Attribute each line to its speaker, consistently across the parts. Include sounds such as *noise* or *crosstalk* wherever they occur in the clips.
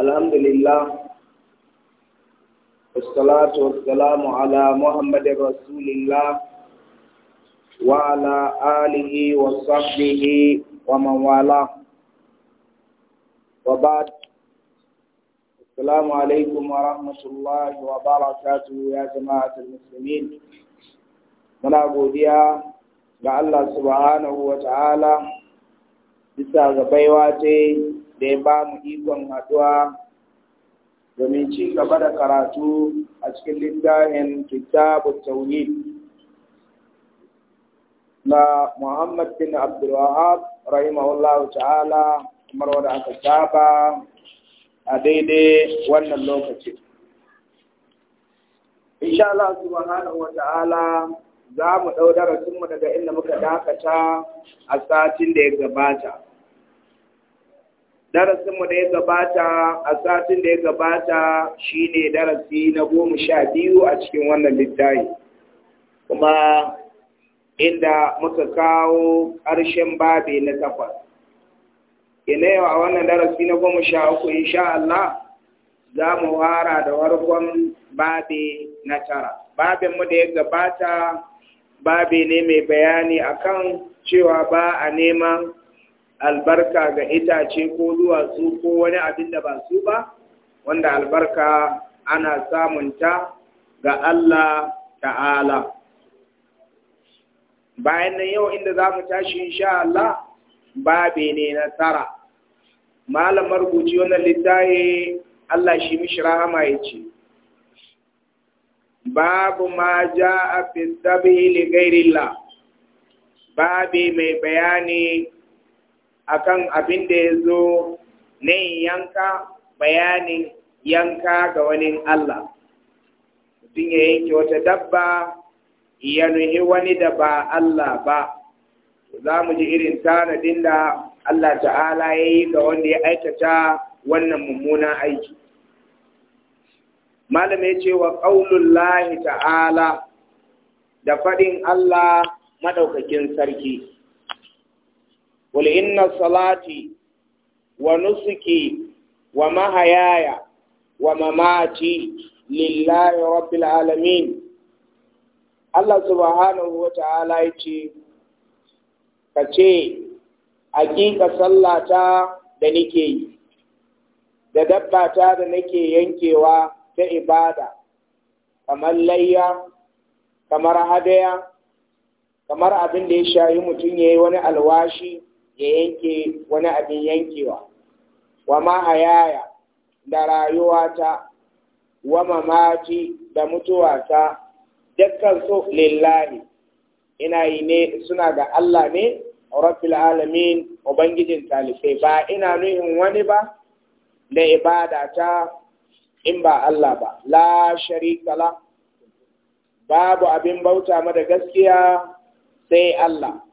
Speaker 1: الحمد لله والصلاة والسلام على محمد رسول الله وعلى آله وصحبه ومن والاه وبعد السلام عليكم ورحمة الله وبركاته يا جماعة المسلمين من أبوديا ga Allah subhanahu wa ta'ala bisa ga baiwa ta da ya ba mu ikon haduwa domin ci gaba da karatu a cikin littafin kitabu tauhid na Muhammad bin Abdulwahab rahimahullahu ta'ala kamar wadda aka saba a daidai wannan lokacin. Insha Allah subhanahu wa ta'ala za mu ɗau darasinmu daga inda muka dakata a satin da ya gabata. mu da ya gabata a satin da ya gabata shine darasi na goma sha biyu a cikin wannan littafi kuma inda muka kawo ƙarshen babe na takwas ina yau a wannan darasi na goma sha uku insha Allah za mu wara da warkon babe na tara babinmu da ya gabata babe ne mai bayani akan cewa ba a neman albarka ga itace ko duwatsu ko wani abin da ba su ba wanda albarka ana samunta ga Allah ta'ala bayan nan yau inda za mu tashi insha Allah babe ne na tara malamar guji wannan littafi Allah shi mishi rahama ya ce babu ma ja a fi li babe mai bayani akan abin da ya zo na yanka bayanin yanka ga wani Allah mutum ya yanke wata dabba ya nuhi wani da ba Allah ba za mu ji irin tanadin da Allah ta'ala ya yi ga wanda ya aikata wannan mummunan aiki malam ya ce wa ƙaunin ta'ala da faɗin Allah maɗaukakin sarki قل إن صلاتي ونسكي wa ومماتي لله رب العالمين Allah subhanahu wa ta'ala yace, ce, Ka ce, Hakika sallata da nake yi, da dabbata da nake yankewa ta ibada, kamar layya, kamar hadaya, kamar abin da ya shayi mutum ya yi wani alwashi ya yanke wani abin yankewa wa ma mahayaya da rayuwata wa mamaci da mutuwata dukkan su lillahi ina yi ne suna ga Allah ne rabbil alamin ubangijin talibai ba ina nuhin wani ba da ibada ta in ba Allah ba la sharika babu abin bauta ma da gaskiya sai Allah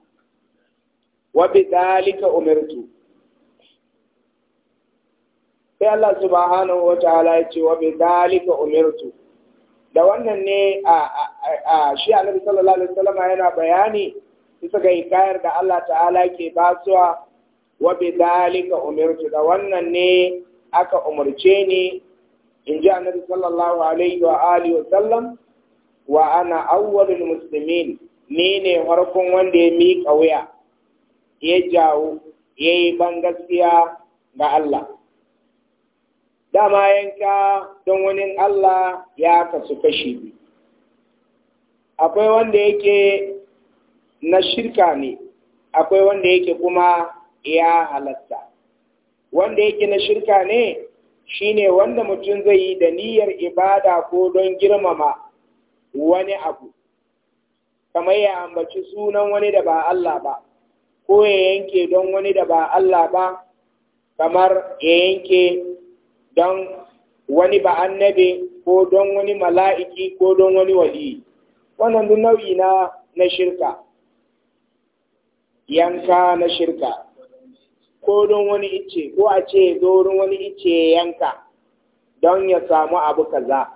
Speaker 1: wa bi dalika umirtu sai Allah subhanahu wa ta'ala ya ce wa dalika umirtu da wannan ne a shi annabi sallallahu alaihi wasallam yana bayani bisa ga ikayar da Allah ta'ala ke basuwa wa bi dalika umirtu da wannan ne aka umarce ni in ji annabi sallallahu alaihi wa alihi wa sallam wa ana awwalul muslimin ni ne farkon wanda ya miƙa wuya ya jawo ya yi ban gaskiya ga Allah dama yanka don wani Allah ya kasu kashi bi. akwai wanda yake na shirka ne akwai wanda yake kuma ya halatta wanda yake na shirka ne shine wanda mutum zai yi da niyyar ibada ko don girmama wani abu kamar ya ambaci sunan wani da ba Allah ba ko ya yanke don wani da ba Allah ba kamar ya yanke don wani ba annabi ko don wani mala'iki ko don wani wali wannan duk nau'i na na shirka yanka na shirka ko don wani ice ko a ce zorin wani ice yanka don ya samu abu kaza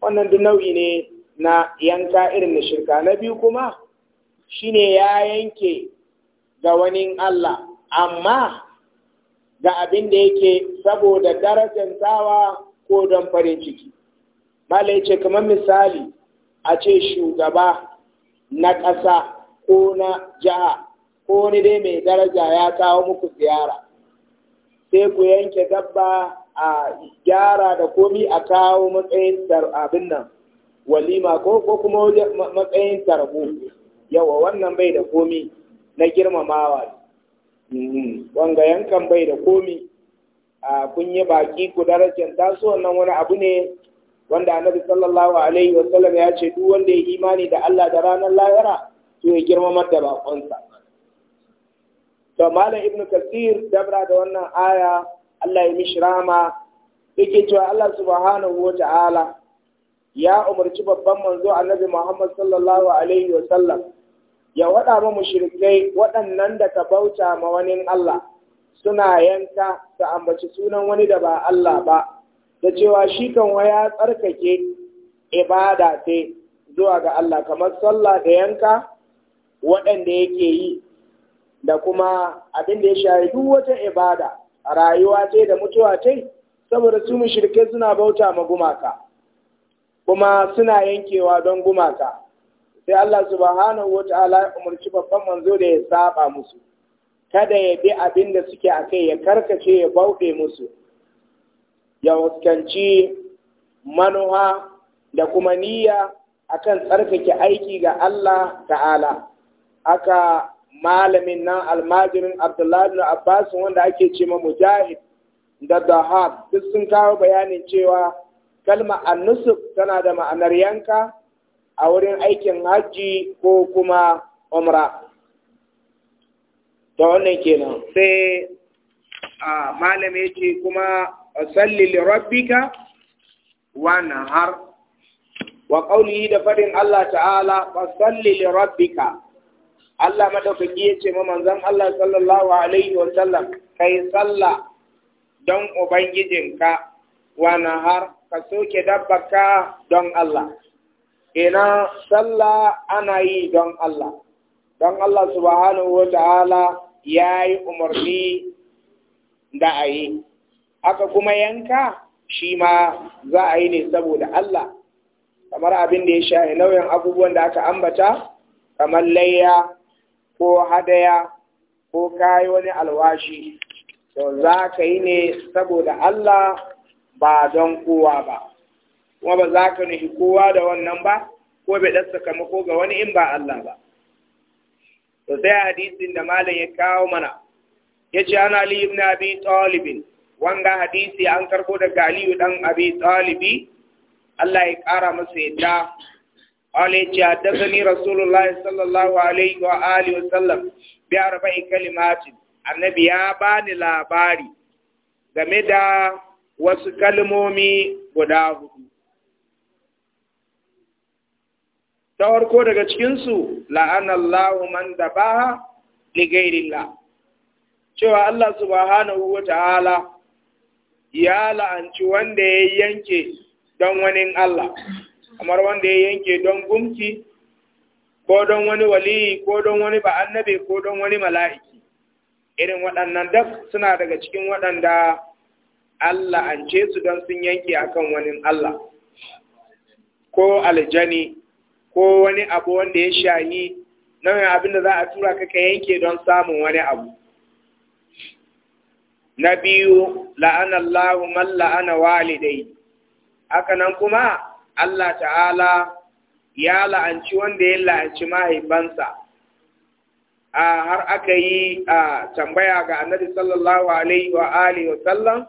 Speaker 1: wannan duk nau'i ne na yanka irin na shirka na biyu kuma shi ne ya yanke ga wani Allah, amma ga abin da yake saboda darajar tawa ko don farin ciki. Malai ce kamar misali a ce shugaba na ƙasa ko na jiha ko ni dai mai daraja ya kawo muku ziyara. Sai ku yanke dabba a gyara da komi a kawo matsayin abin nan walima ko kuma matsayin tarbo. Yawa wannan bai da komi. na girmamawa mm-hmm. wanga yankan bai da komi a kun yi baki ku darajar su wannan wani abu ne wanda annabi sallallahu alaihi wa sallam ya ce duk wanda ya imani da Allah da ranar lahira to ya girmamar da bakonsa to malam ibnu kasir dabra da wannan aya Allah ya mishi rama yake cewa Allah subhanahu wa ta'ala ya umarci babban manzo annabi Muhammad sallallahu alaihi wa sallam ya waɗa ma mushirikai waɗannan da ka bauta ma wani Allah suna yanka ta ambaci sunan wani da ba Allah ba da cewa shi kan waya tsarkake ibada ce zuwa ga Allah kamar sallah da yanka waɗanda yake yi da kuma abin da ya shari duk wata ibada rayuwa ce da mutuwa ce saboda su mushirikai suna bauta ma gumaka kuma suna yankewa don gumaka sai Allah subhanahu ta'ala ya umarci babban manzo da ya saba musu kada ya bi abin da suke a kai ya karkace ya bauɗe musu ya fuskanci manuha da kuma niyya akan tsarkake aiki ga Allah ta'ala aka malamin nan almajirin Abdullahi bin Abbas wanda ake ce ma mujahid da dahab duk sun kawo bayanin cewa kalma nusuf tana da ma'anar yanka a wurin aikin hajji ko kuma umra ta wannan kenan sai a malam ya ce kuma salli li rabbika wa nahar wa qawlihi da farin Allah ta'ala fa salli li rabbika Allah madaukaki ya ce ma manzon Allah sallallahu alaihi wa sallam kai salla don ubangijinka wa nahar ka soke dabbaka don Allah ina sallah ana yi don Allah don Allah subhanahu wa ta'ala ya yi umarni da a yi aka kuma yanka shi ma za a yi ne saboda Allah kamar abin da ya shahi nauyin abubuwan da aka ambata kamar layya ko hadaya ko kayi wani alwashi to za ka yi ne saboda Allah ba don kowa ba kuma ba za ka nufi kowa da wannan ba ko bai ɗan sakamako ga wani in ba Allah ba to sai hadisin da malam ya kawo mana ya ce ana Ali ibn Abi Talib wanga hadisi an karko daga Aliyu ɗan Abi Talib Allah ya ƙara masa yadda قال حدثني رسول الله صلى الله عليه وآله وسلم kalimatin, annabi ya ba ni labari game da wasu kalmomi guda hudu ta farko daga cikinsu la'anallahu man dabaha li ghairillah cewa Allah subhanahu wata'ala ya la'anci wanda ya yanke don wani Allah kamar wanda ya yanke don gumki ko don wani waliyi ko don wani ba ko don wani mala'iki irin waɗannan daf suna daga cikin waɗanda Allah an ce su don sun yanke akan wani Allah ko aljani ko wani abu wanda ya na nauyin abin da za a tura kaka yanke don samun wani abu na biyu la'ana Allah man la'ana walidai haka nan kuma Allah ta'ala ya la'anci wanda ya la'anci mahaifansa a har aka yi a tambaya ga annabi sallallahu alaihi wa alihi wa sallam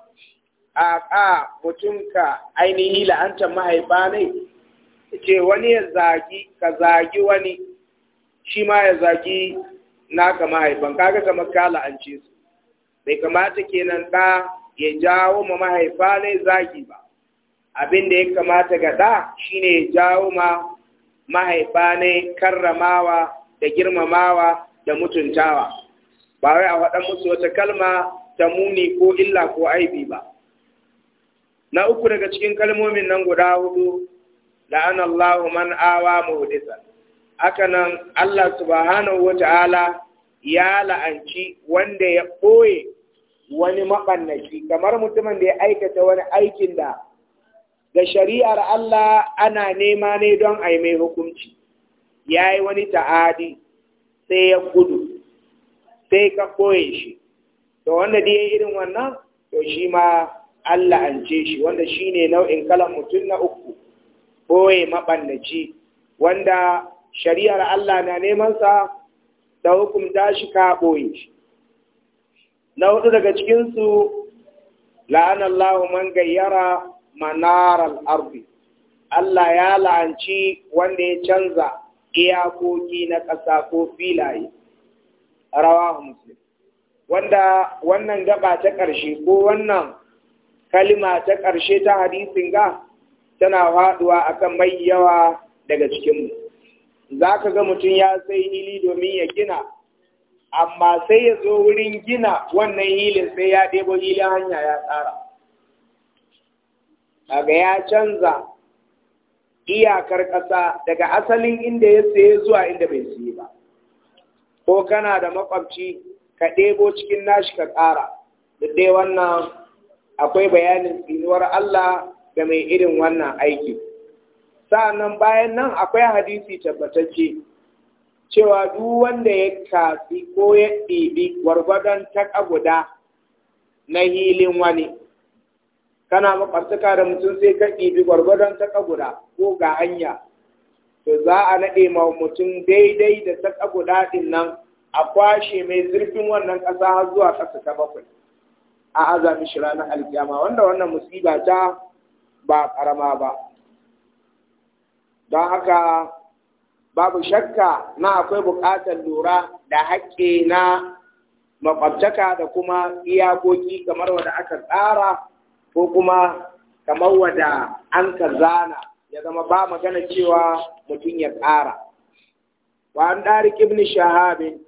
Speaker 1: a ka mutum ka ainihi la'antar mahaifa ne ce wani ya zagi ka zagi wani shi ma ya zagi naka mahaifan kaga kamar ka la'ance su bai kamata kenan ɗa ya jawo ma mahaifa ne zagi ba abin da ya kamata ga ɗa ne ya jawo ma mahaifa ne karramawa da girmamawa da mutuntawa ba wai a waɗan musu wata kalma ta muni ko illa ko aibi ba na uku daga cikin kalmomin nan guda hudu la'anallahu man awa muhdisa hakanan Allah subhanahu Ta'ala ya la'anci wanda ya ɓoye wani maɓannaci kamar mutumin da ya aikata wani aikin da ga shari'ar Allah ana nema ne don a yi mai hukunci ya yi wani ta'adi sai ya gudu sai ka ɓoye shi to wanda da ya irin wannan to shi ma Allah an ce shi wanda shi ne nau'in kalan mutum na uku boye maɓallaci wanda shari'ar Allah na nemansa da hukumta shi ka ɓoye shi. Na hudu daga cikinsu, la'anallahu man gayyara manaral arbi, Allah ya la'anci wanda ya canza iyakoki na ƙasa ko filaye, rawa muslim. Wanda wannan gaba ta ƙarshe ko wannan kalima ta ƙarshe ta hadisin ga tana faduwa akan mai yawa daga cikinmu za ka ga mutum ya sai hili domin ya gina amma sai ya zo wurin gina wannan hilin sai ya ɗebo hilin hanya ya tsara daga ya canza iyakar ƙasa daga asalin inda ya saye zuwa inda bai sayi ba ko kana da makwabci ka ɗebo cikin nashi ka ƙara dai wannan akwai bayanin tsinuwar Allah ga mai irin wannan aiki sa'annan bayan nan akwai hadisi tabbatacce cewa duk wanda ya kafi ko ya ɗibi gwargwadon taka guda na hilin wani kana makwabtaka da mutum sai ka ɗibi gwargwadon taka guda ko ga hanya to za a naɗe ma mutum daidai da taka guda ɗin nan a kwashe mai zurfin wannan ƙasa har zuwa ƙasa ta bakwai a azami shi ranar alkiyama wanda wannan musiba ta ba ƙarama ba don haka babu shakka na akwai buƙatar lura da haƙƙi na makwabtaka da kuma iyakoki kamar wadda aka tsara ko kuma kamar wadda an ka zana ya zama ba magana cewa mutum ya tsara. Wa an ɗari ibn shahabin,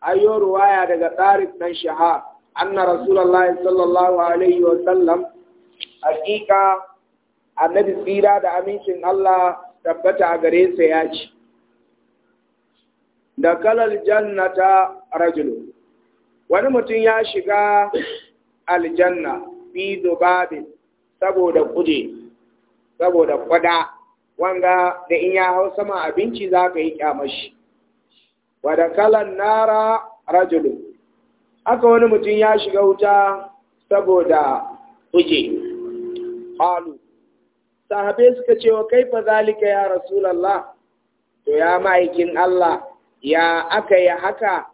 Speaker 1: ayyo ruwaya daga tsarin ɗan shahab, anna Rasulallah sallallahu alaihi wa sallam hakika annabi tsira da amincin Allah tabbata a gare sa ya ci da kalal jannata rajulu wani mutum ya shiga aljanna fi dubabin saboda kuje saboda kwada wanga da in ya hau sama abinci za ka yi kyamashi wa da kalan nara rajulu aka wani mutum ya shiga wuta saboda kuje qalu sahabe suka ce wa kaifa zalika ya rasulullah to ya ma'aikin Allah ya aka ya haka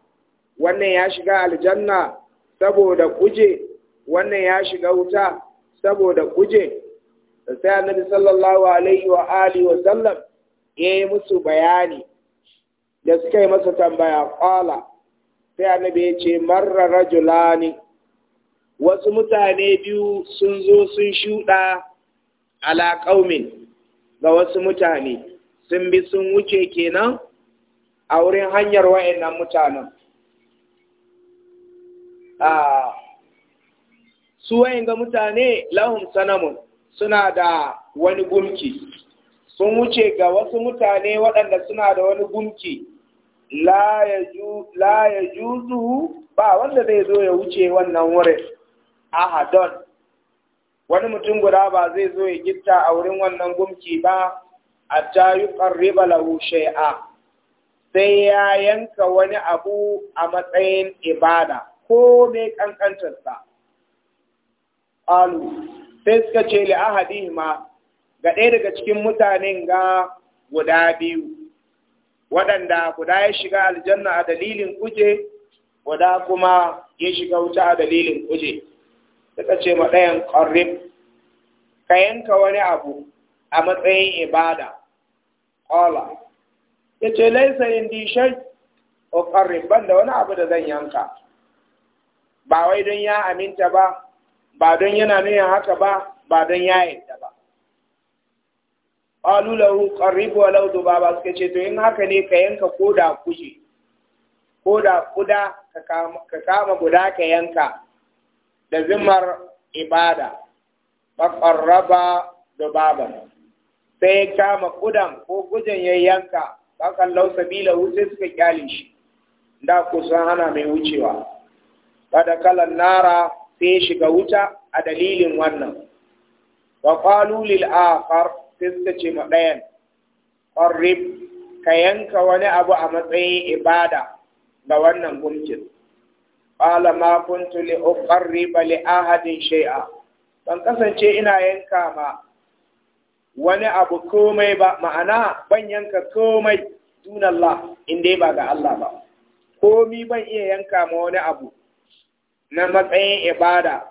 Speaker 1: wannan ya shiga aljanna saboda kuje wannan ya shiga wuta saboda kuje sai annabi sallallahu alaihi wa alihi wa sallam ya yi musu bayani da suka yi masa tambaya qala sai annabi ya ce marra rajulani wasu mutane biyu sun zo sun shuɗa alaƙaumin ga wasu mutane sun bi sun wuce kenan a wurin hanyar wa'annan mutanen su ga mutane lahun sanamun suna da wani gumki sun wuce ga wasu mutane waɗanda suna da wani gumki la ya juzu ba wanda zai zo ya wuce wannan wurin ahadon wani mutum guda ba zai zo ya gitta a wurin wannan gumki ba a ta yi ƙarriba lahu shai'a sai ya yanka wani abu a matsayin ibada ko mai ƙanƙantarsa. Alu, sai suka ce li ahadi ma ga ɗaya daga cikin mutanen ga guda biyu, waɗanda guda ya shiga aljanna a dalilin kuje, guda kuma ya shiga wuta a dalilin kuje. suka ce ma ɗayan ƙarrib ka yanka wani abu a matsayin ibada ƙola ya ce laisa yin dishai o ƙarrib ban da wani abu da zan yanka ba wai don ya aminta ba ba don yana nuna haka ba ba don ya yadda ba ƙalu lahu ƙarrib wa lau ba ba suka ce to in haka ne ka yanka ko da kuje ko da kuda ka kama guda ka yanka da zimar ibada da dubaban sai ya kama ƙudan ko gujen ya yanka bakan lausa bila wuce suka kyale shi da kusan hana mai wucewa Ba da kalan nara sai shiga wuta a dalilin wannan wa qalu lil ce ma ɗayan ka yanka wani abu a matsayin ibada ga wannan gumkin qala ma kuntu li uqarriba li ahadin shay'a ban kasance ina yanka ma wani abu komai ba ma'ana ban yanka komai dun Allah dai ba ga Allah ba komi ban iya yanka ma wani abu na matsayin ibada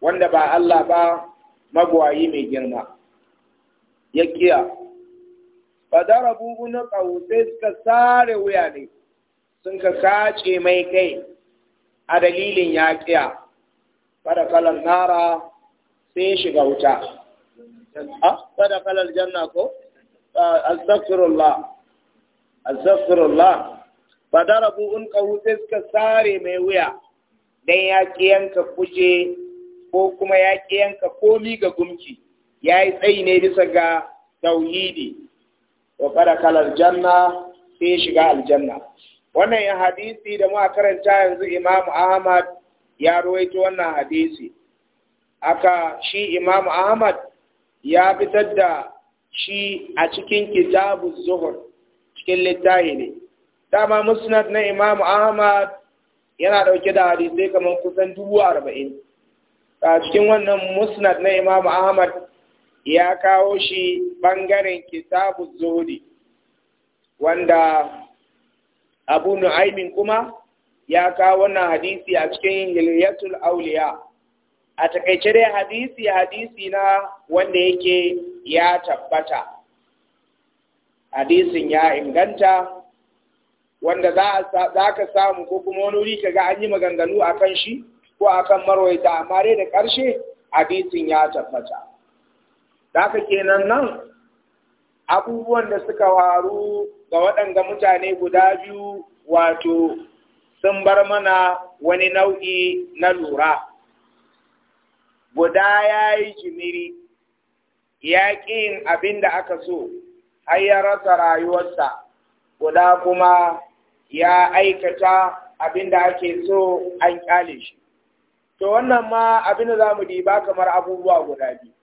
Speaker 1: wanda ba Allah ba magwayi mai girma ya kiya da rabu na ƙawo sai suka sare wuya ne sun ka kace mai kai a dalilin yaƙiya fada kalar nara sai shiga wuta ah, fada kalar janna ko ah, astaghfirullah astaghfirullah fadarabu in ka wuce suka sare mai wuya dan ya kiyanka kuje ko kuma ya kiyanka komi ga gumki Ya yi tsayi ne bisa ga tauhidi wa fada kalar janna sai shiga aljanna wannan ya hadisi da muka karanta yanzu Imam Ahmad ya ruwaito wannan hadisi aka shi Imam Ahmad ya fitar da shi a cikin kitabu zuhur cikin littafi ne dama musnad na Imam Ahmad yana dauke da hadisai kamar kusan dubu arba'in a cikin wannan musnad na Imam Ahmad ya kawo shi bangaren kitabu zuhuri wanda abu nu'aimin kuma ya kawo wannan hadisi a cikin hilyatul auliya a takaice dai hadisi hadisi na wanda yake ya tabbata hadisin ya inganta wanda za ka samu ko kuma wani wuri ka ga an yi maganganu akan shi ko akan kan marwaita amma dai da ƙarshe hadisin ya tabbata. Za ka kenan nan abubuwan da suka waru ga waɗanda mutane guda biyu wato sun bar mana wani nau'i na lura. Guda ya yi jimiri, ya yin abin da aka so, har ya rasa rayuwarsa, guda kuma ya aikata abin da ake so an ƙyale shi. To wannan ma abin da za mu diba kamar abubuwa guda biyu.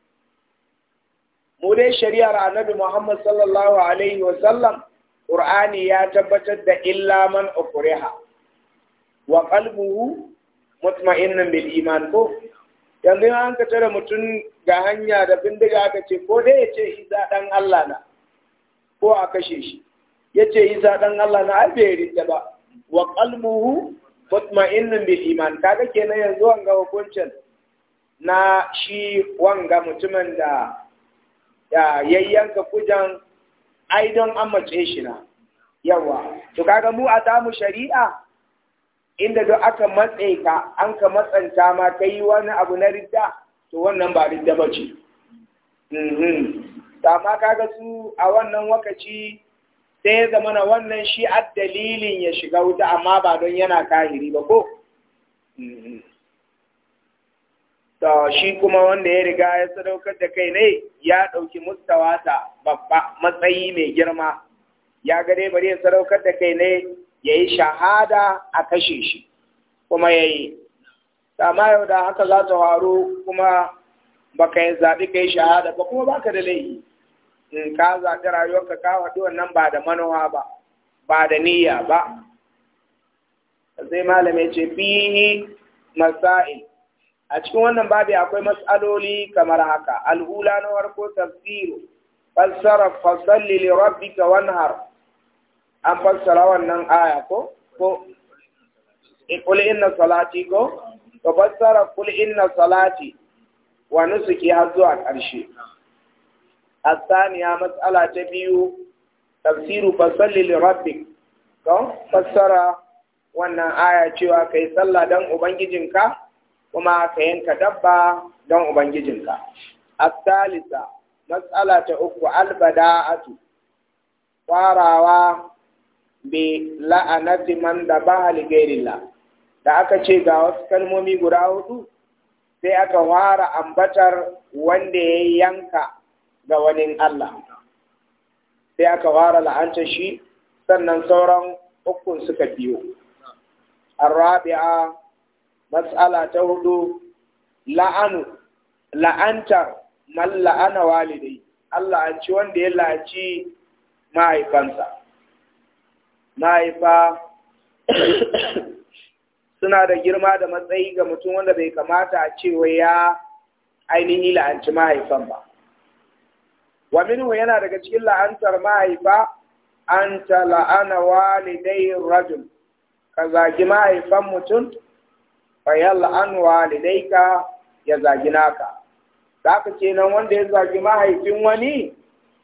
Speaker 1: mu dai shari'ar annabi Muhammad sallallahu alaihi wa sallam Qur'ani ya tabbatar da illa man ukriha wa qalbuhu mutma'innan bil iman ko yanzu an ka tare mutum ga hanya da bindiga aka ce ko dai ya ce isa dan Allah na ko a kashe shi ya ce isa dan Allah na ai bai rinda ba wa qalbuhu mutma'innan bil iman kaga kenan yanzu an ga hukuncin na shi wanga mutumin da da yayyanka kujan ai don matse shi na yawa to kaga mu a tamu shari'a inda duk aka matse ka an ka matsanta ma ka yi wani abu na ridda to wannan ba ridda ba ce mhm. amma kaga su a wannan wakaci sai ya zama na wannan shi a dalilin ya shiga wuta amma ba don yana kahiri ba ko mhm. to shi kuma wanda ya riga ya sadaukar da kai ne ya ɗauki mustawata babba matsayi mai girma ya ga dai bari ya sadaukar da kai ne ya yi shahada a kashe shi kuma ya yi amma yau da haka za ta faru kuma ka yi zaɓi ka yi shahada ba kuma baka da laifi in ka zaɓi rayuwar ka faɗi wannan ba da manowa ba ba da niyya ba sai malamai ce fihi masa'il a cikin wannan babi akwai mas'aloli kamar haka al'ula na warko tafsiru fassara fasalli li rabbika wanhar an fassara wannan aya ko ko qul inna salati ko to fassara qul inna salati wa nusuki har zuwa ƙarshe ta biyu, tafsiru, fasalli, فصل لربك ko فسر wannan aya cewa كي صلى دم أبنجي ka? kuma ka yanka dabba don ubangijinka asalisa matsala ta uku albada'atu farawa bi la'anati man da ba haligairillah da aka ce ga wasu kalmomi guda hudu sai aka fara ambatar wanda ya yanka ga wani Allah sai aka fara la'antar shi sannan sauran ukun suka biyo. Rabi'a. mas'ala ta hudu la'anu la'anta man la'ana walidai Allah an ci wanda ya la'anci mahaifansa mahaifa *coughs* suna da girma da matsayi ga mutum wanda bai kamata a cewa ya ainihi la'anci mahaifan ba wa yana daga cikin la'antar mahaifa an ta la'ana walidai rajul ka zagi mahaifan mutum fayal an walidaika ya zagi naka zaka nan wanda ya zagi mahaifin wani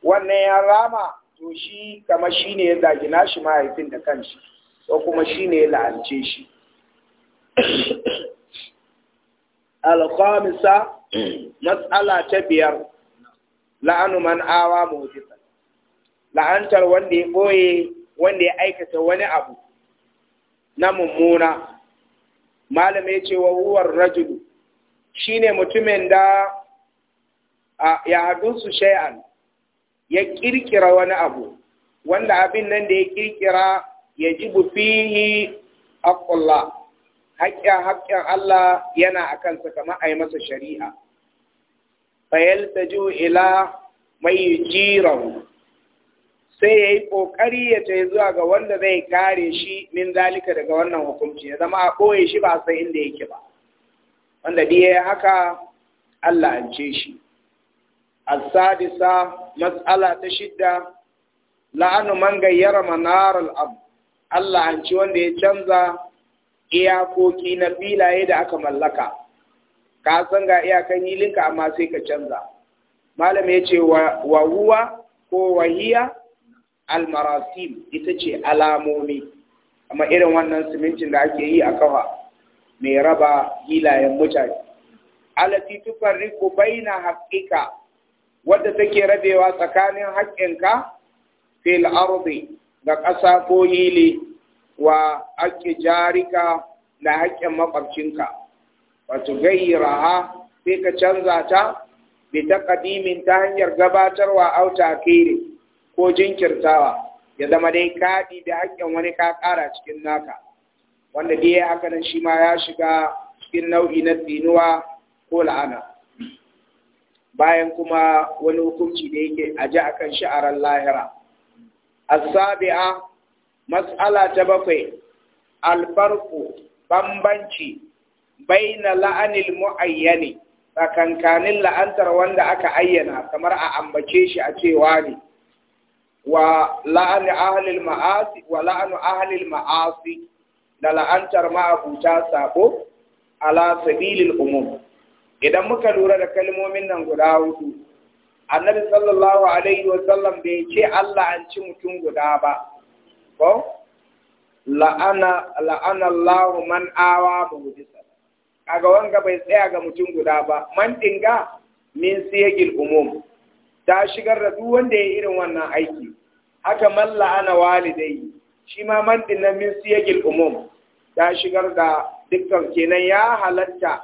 Speaker 1: wannan ya rama to shi kama shi ne ya zagi nashi mahaifin da kanshi ko kuma shi ne ya la'ance shi alkhamisa matsala ta biyar la'anu man awa mu'jiza la'antar wanda ya boye wanda ya aikata wani abu na mummuna malam ya ce wa huwar rajulu ne mutumin da ya su shay'an ya ƙirƙira wani abu wanda abin nan da ya ƙirƙira ya ji fihi akwalla haƙƙin haƙƙin Allah yana a kansa kamar a yi masa shari'a fayalta ila mai jirahu sai ya yi ƙoƙari ya ce zuwa ga wanda zai kare shi min zalika daga wannan hukunci ya zama a ɓoye shi ba sai inda yake ba wanda diya haka Allah an ce shi Mas'ala ta shidda. La'anu man غير manaral Abu. Allah an ce wanda ya canza iyakoki na filaye da aka mallaka, ka san ga iyakan yilinka amma sai ka canza. Malam ya ce wa huwa ko wahiya almarasim ita ce alamomi amma irin wannan simintin da ake yi a kafa mai raba hilayen mutane alati tufarriqu baina haqqika wadda take rabewa tsakanin haƙƙinka fil ardi ga ƙasa ko hili wa ake jarika da haƙƙin makwabcinka wato gayyaraha sai ka canza ta bi ƙadimin ta hanyar gabatarwa au takiri ko jinkirtawa ya zama dai kaɗi da haƙƙin wani ka ƙara cikin naka wanda dai ya haka nan shi ma ya shiga cikin nau'i na tsinuwa ko la'ana bayan kuma wani hukunci da yake aji a kan sha'arar lahira asabi'a matsala ta bakwai alfarku bambanci baina la'anil mu'ayyani tsakankanin la'antar wanda aka ayyana kamar a ambace shi a cewa ne wa la'an ahlil ma'asi wa ahlil ma'asi da la'antar ta sabo ala sabilil umum idan muka lura da kalmomin nan guda hudu annabi sallallahu alaihi wa sallam bai ce Allah an ci mutum guda ba ko la'ana la'ana Allah man awa muhdisa kaga wanga bai tsaya ga mutum guda ba man dinga min siyagil umum ta shigar da duk wanda ya irin wannan aiki haka malla ana walidai shi ma mandin na min siyagil umum ta shigar da dukkan kenan ya halatta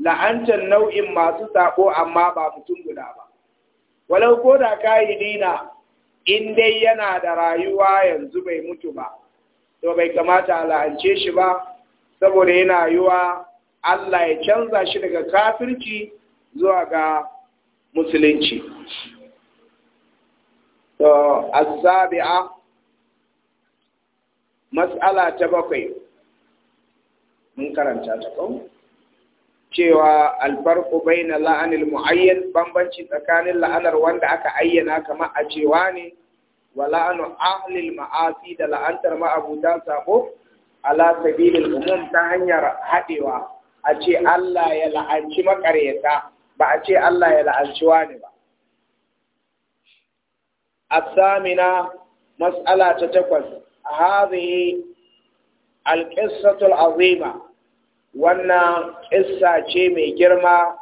Speaker 1: la'antar nau'in masu sako amma ba mutum guda ba walau ko da kayidina in dai yana da rayuwa yanzu bai mutu ba to bai kamata a la'ance shi ba saboda yana yiwa Allah ya canza shi daga kafirci zuwa ga musulunci to azabi'a mas'ala ta bakwai mun karanta ta ko cewa alfarku baina la'anil mu'ayyan bambanci tsakanin la'anar wanda aka ayyana kamar a cewa ne wa la'anu ahlil ma'asi da la'antar ma'abutan sabo ala sabilil umum ta hanyar hadewa a ce Allah ya la'anci makaryata ba a ce Allah ya la'anci wani ba الثامنة مسألة تتكوز هذه القصة العظيمة وانا قصة جيمي جرمة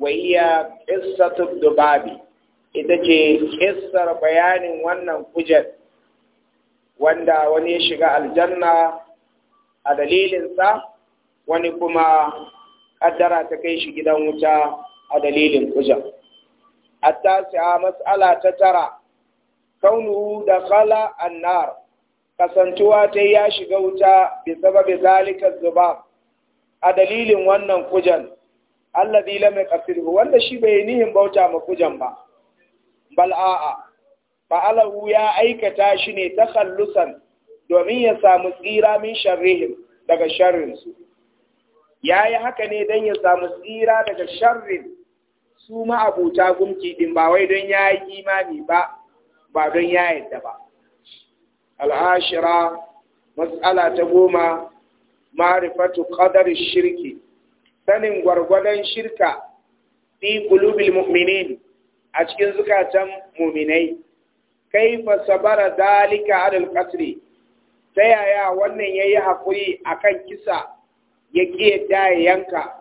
Speaker 1: وهي قصة الذبابي ita ce kissar bayanin wannan kujet wanda wani ya shiga aljanna a dalilinsa wani kuma kaddara ta kai shi gidan wuta a dalilin kujen. A tasi'a mas'ala ta tara kaunuhu da kala annar kasantuwa ta ya shiga wuta bi sababi zalika zubab a dalilin wannan kujan allazi mai yaqsiru wanda shi bai nihin bauta ma kujan ba bal a'a fa'alahu ya aikata shi ne kallusan domin ya samu tsira min sharrihim daga sharrinsu ya yi haka ne don ya samu tsira daga sharrin su ma'abuta gumki ɗin ba wai don ya yi imani ba ba don ya yadda ba al'ashira matsala ta goma marifatu ƙadar shirki sanin gwargwadon shirka fi ƙulubil mu'minin a cikin zukatan mu'minai kai sabara dalika adal qatri ta yaya wannan ya yi haƙuri a kan kisa ya kiyata yanka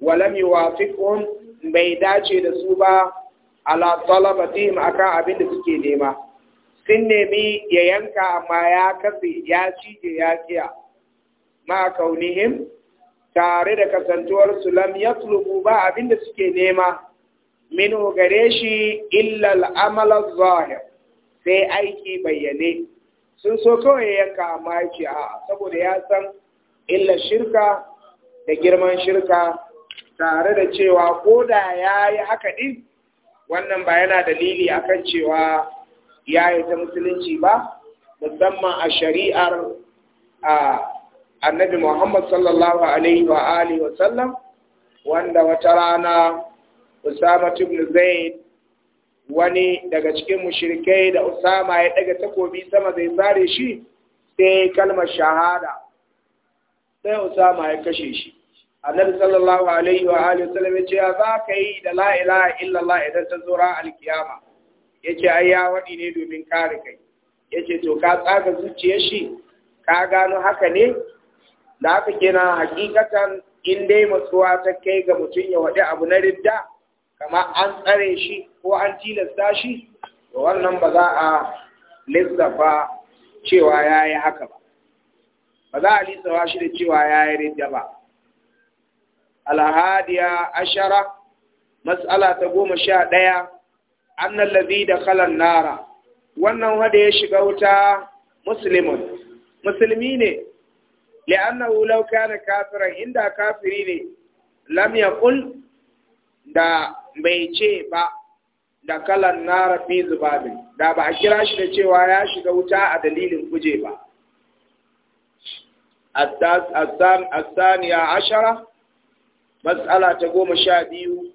Speaker 1: Walami yuwafiqhum bai dace da su ba ala talabatihim akan abin da suke nema sun nemi ya yanka amma ya kafe ya cije ya kiya ma kaunihim tare da kasantuwar su lam yatlubu ba abin da suke nema min gare shi illa al zahir sai aiki bayyane sun so kawai ya yanka amma ya ce a saboda ya san illar shirka da girman shirka tare da cewa ko da ya yi haka ɗin wannan ba yana dalili a kan cewa ya yi ta musulunci ba musamman a shari'ar annabi Muhammad sallallahu alaihi wa alihi wa sallam wanda wata rana Usama ibn Zaid wani daga cikin mushirkai da Usama ya daga takobi sama zai sare shi sai kalmar shahada sai Usama ya kashe shi annabi sallallahu alaihi wa alihi wasallam ce za ka yi da la ilaha allah idan ta zura alkiyama Yace ai ya wadi ne domin kare kai Yace to ka tsaga zuciyar shi ka gano haka ne da haka kenan hakikatan in dai mutsuwa ta kai ga mutum ya wadi abu na ridda kamar an tsare shi ko an tilasta shi To wannan ba za a lissafa cewa ya haka ba ba za a lissafa shi da cewa yayi yi ridda ba alhadiya ashara matsala ta goma sha ɗaya annan lazi da kalan nara wannan wanda ya shiga wuta musulmin musulmi ne li'annahu law kana kafiran inda kafiri ne lam yaqul da bai ce ba da kalan nara fi zubabin da ba a kira shi da cewa ya shiga wuta a dalilin kuje ba الثانية ashara. matsala ta goma sha biyu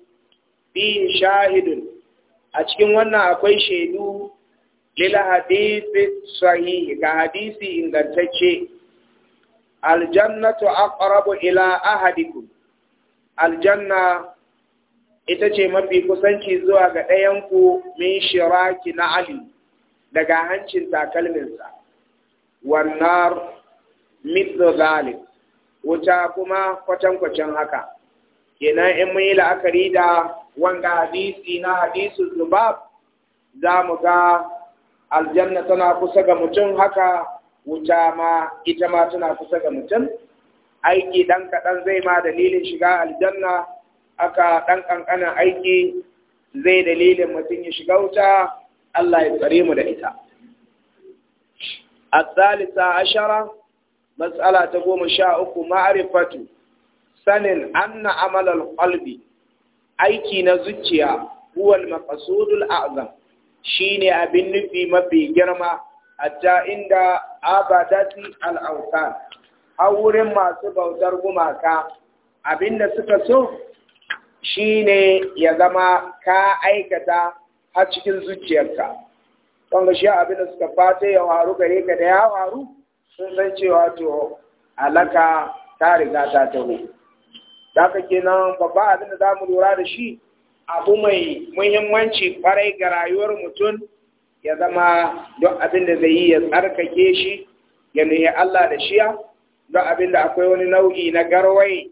Speaker 1: sha shahidun a cikin wannan akwai shaidu lila hadisi sahihi ga hadisi ingantacce aljannatu aqrabu ila ahadikum aljanna ita ce mafi kusanci zuwa ga ɗayanku min shiraki na ali daga hancin takalminsa wannan mithlu zalik wuta kuma kwatankwacin haka kenan in mun yi la'akari da wanga hadisi na hadisu zubab za mu ga aljanna tana kusa ga mutum haka wuta ma ita ma tana kusa ga mutum aiki ɗan kaɗan zai ma dalilin shiga aljanna aka ɗan ƙanƙanin aiki zai dalilin mutum ya shiga wuta Allah ya tsare mu da ita. ashara, matsala ta goma sha uku, maarifatu sanin anna amalal qalbi aiki na zuciya huwa al-maqsudul a'zam shine abin nufi mafi girma hatta inda abadati al al'auta a wurin masu bautar gumaka abin da suka so shine ya zama ka aikata a cikin zuciyarka wanda shi abin da suka fata ya waru gare ka da ya waru sun san cewa to alaka ta riga ta taho da haka kenan babba abin da zamu lura da shi abu mai muhimmanci kwarai ga rayuwar mutum ya zama don abin da zai yi ya tsarkake shi ya nuhi Allah da shiya don abin da akwai wani nau'i na garwai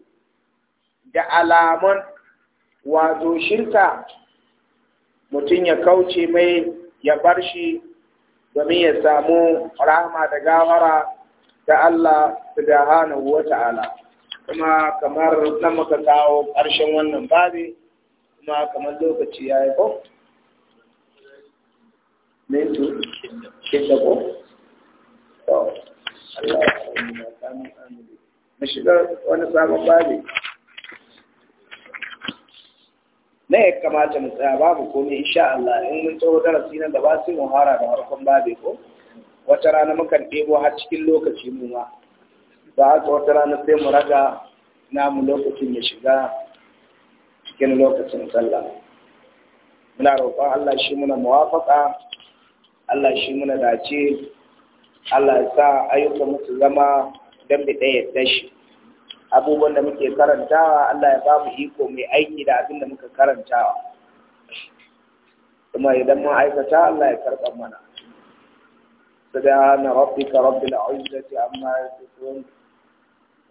Speaker 1: da alaman wato shirka mutum ya kauce mai ya bar shi domin ya samu rahama da gawara da Allah subhanahu wa ta'ala. kuma kamar nan muka kawo ƙarshen wannan babi kuma kamar lokaci ya yi ko? mintu shidda ko? to Allah ya shiga wani sabon babi na ya kamata mu tsaya babu komai insha Allah in mun tsawo darasi da ba sai mu hara da harkon babi ko wata rana mukan ɗebo har cikin lokaci mu ma da haka wata rana sai mu raga namu lokacin ya shiga cikin lokacin sallah muna roƙon Allah shi muna muwafaka Allah shi muna dace Allah ya sa ayyukan mutu zama don bi ɗaya da shi abubuwan da muke karantawa Allah ya ba mu iko mai aiki da abin da muka karantawa
Speaker 2: kuma idan mun aikata Allah ya
Speaker 1: karɓa mana سبحان ربك رب العزة عما يصفون